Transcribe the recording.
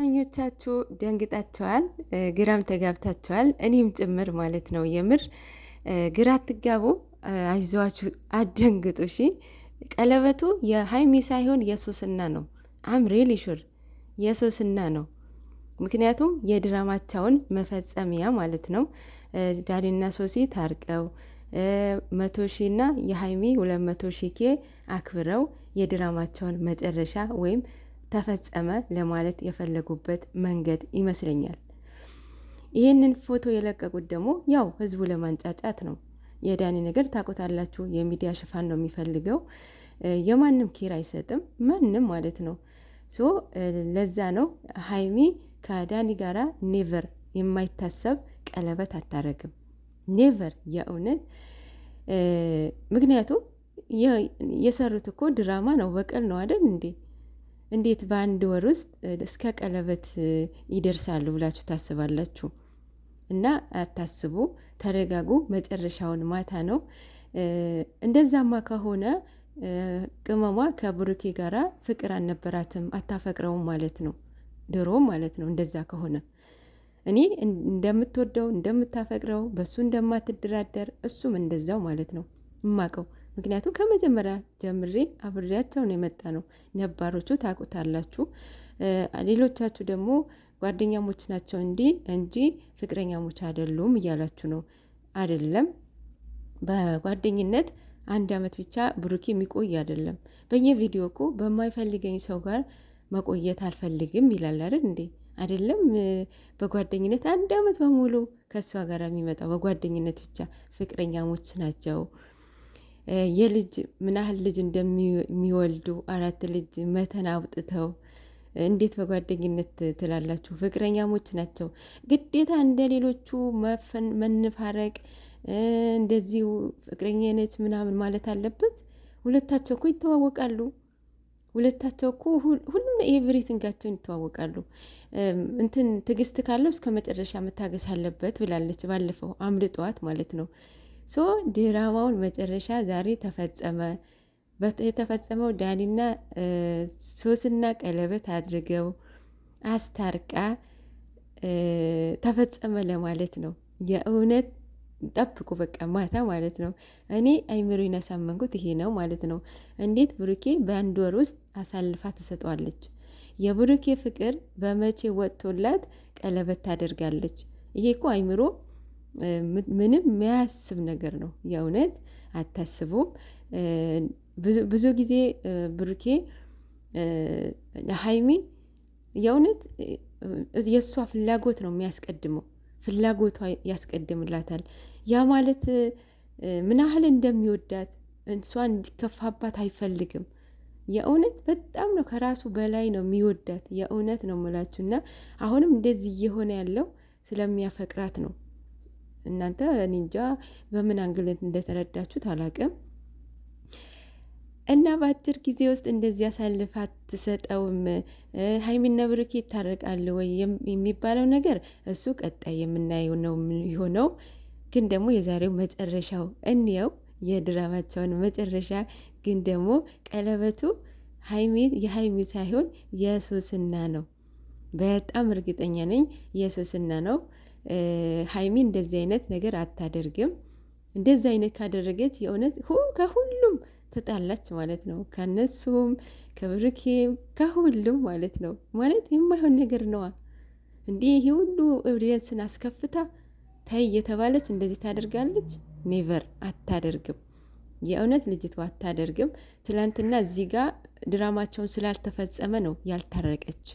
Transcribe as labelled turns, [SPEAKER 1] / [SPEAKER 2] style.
[SPEAKER 1] አብዛኞቻችሁ ደንግጣችኋል፣ ግራም ተጋብታችኋል፣ እኔም ጭምር ማለት ነው። የምር ግራ አትጋቡ፣ አይዟችሁ፣ አደንግጡ። እሺ ቀለበቱ የሀይሚ ሳይሆን የሶስና ነው። አም ሬሊ ሹር የሶስና ነው። ምክንያቱም የድራማቸውን መፈጸሚያ ማለት ነው። ዳኒና ሶሲ ታርቀው መቶ ሺ ሺና የሀይሚ ሁለት መቶ ሺ ኬ አክብረው የድራማቸውን መጨረሻ ወይም ተፈጸመ ለማለት የፈለጉበት መንገድ ይመስለኛል። ይህንን ፎቶ የለቀቁት ደግሞ ያው ህዝቡ ለማንጫጫት ነው። የዳኒ ነገር ታቆታላችሁ። የሚዲያ ሽፋን ነው የሚፈልገው። የማንም ኪር አይሰጥም፣ ማንም ማለት ነው። ሶ ለዛ ነው ሀይሚ ከዳኒ ጋራ ኔቨር የማይታሰብ ቀለበት አታረግም። ኔቨር የእውነት ምክንያቱም የሰሩት እኮ ድራማ ነው፣ በቀል ነው አይደል እንዴ? እንዴት በአንድ ወር ውስጥ እስከ ቀለበት ይደርሳሉ ብላችሁ ታስባላችሁ? እና አታስቡ፣ ተረጋጉ። መጨረሻውን ማታ ነው። እንደዛማ ከሆነ ቅመሟ ከብሩኬ ጋራ ፍቅር አልነበራትም፣ አታፈቅረውም ማለት ነው። ድሮ ማለት ነው። እንደዛ ከሆነ እኔ እንደምትወደው እንደምታፈቅረው፣ በሱ እንደማትደራደር እሱም እንደዛው ማለት ነው እማቀው ምክንያቱም ከመጀመሪያ ጀምሬ አብሬያቸው ነው የመጣ ነው። ነባሮቹ ታውቁታላችሁ። ሌሎቻችሁ ደግሞ ጓደኛሞች ናቸው እንዲ እንጂ ፍቅረኛሞች አይደሉም እያላችሁ ነው። አይደለም በጓደኝነት አንድ አመት ብቻ ብሩኬ የሚቆይ አይደለም። በየቪዲዮ እኮ በማይፈልገኝ ሰው ጋር መቆየት አልፈልግም ይላል አይደል እንዴ? አይደለም በጓደኝነት አንድ አመት በሙሉ ከእሷ ጋር የሚመጣው በጓደኝነት ብቻ ፍቅረኛሞች ናቸው የልጅ ምን ያህል ልጅ እንደሚወልዱ አራት ልጅ መተን አውጥተው እንዴት በጓደኝነት ትላላችሁ? ፍቅረኛሞች ናቸው። ግዴታ እንደ ሌሎቹ መንፋረቅ እንደዚሁ ፍቅረኛ ነች ምናምን ማለት አለበት? ሁለታቸው እኮ ይተዋወቃሉ። ሁለታቸው እኮ ሁሉም ኤቭሪቲንጋቸውን ይተዋወቃሉ። እንትን ትዕግስት ካለው እስከ መጨረሻ መታገስ አለበት ብላለች። ባለፈው አምልጠዋት ማለት ነው። ሶ ድራማውን መጨረሻ ዛሬ ተፈጸመ። የተፈጸመው ዳኒና ሶስና ቀለበት አድርገው አስታርቃ ተፈጸመ ለማለት ነው። የእውነት ጠብቁ፣ በቃ ማታ ማለት ነው። እኔ አይምሮ ያሳመንኩት ይሄ ነው ማለት ነው። እንዴት ብሩኬ በአንድ ወር ውስጥ አሳልፋ ትሰጧለች የብሩኬ ፍቅር በመቼ ወጥቶላት ቀለበት ታደርጋለች? ይሄ እኮ አይምሮ ምንም የሚያስብ ነገር ነው። የእውነት አታስቡም። ብዙ ጊዜ ብሩኬ ሀይሚ የእውነት የእሷ ፍላጎት ነው የሚያስቀድመው። ፍላጎቷ ያስቀድምላታል። ያ ማለት ምን ያህል እንደሚወዳት እሷ እንዲከፋባት አይፈልግም። የእውነት በጣም ነው ከራሱ በላይ ነው የሚወዳት። የእውነት ነው ምላችሁ እና አሁንም እንደዚህ እየሆነ ያለው ስለሚያፈቅራት ነው። እናንተ ኒንጃ በምን አንግል እንደተረዳችሁት አላቅም። እና በአጭር ጊዜ ውስጥ እንደዚህ አሳልፋ አትሰጠውም። ሀይሚና ብሩኬ ይታረቃል ወይ የሚባለው ነገር እሱ ቀጣይ የምናየው ነው የሚሆነው። ግን ደግሞ የዛሬው መጨረሻው እንየው፣ የድራማቸውን መጨረሻ ግን ደግሞ ቀለበቱ ሀይሚ የሀይሚ ሳይሆን የሱስና ነው። በጣም እርግጠኛ ነኝ የሱስና ነው። ሀይሚ እንደዚህ አይነት ነገር አታደርግም። እንደዚህ አይነት ካደረገች የእውነት ከሁሉም ተጣላች ማለት ነው። ከነሱም ከብርኬም ከሁሉም ማለት ነው። ማለት የማይሆን ነገር ነዋ። እንዲህ ይህ ሁሉ ኤቪደንስን አስከፍታ ታይ እየተባለች እንደዚህ ታደርጋለች? ኔቨር አታደርግም። የእውነት ልጅቷ አታደርግም። ትላንትና እዚህ ጋር ድራማቸውን ስላልተፈጸመ ነው ያልታረቀች።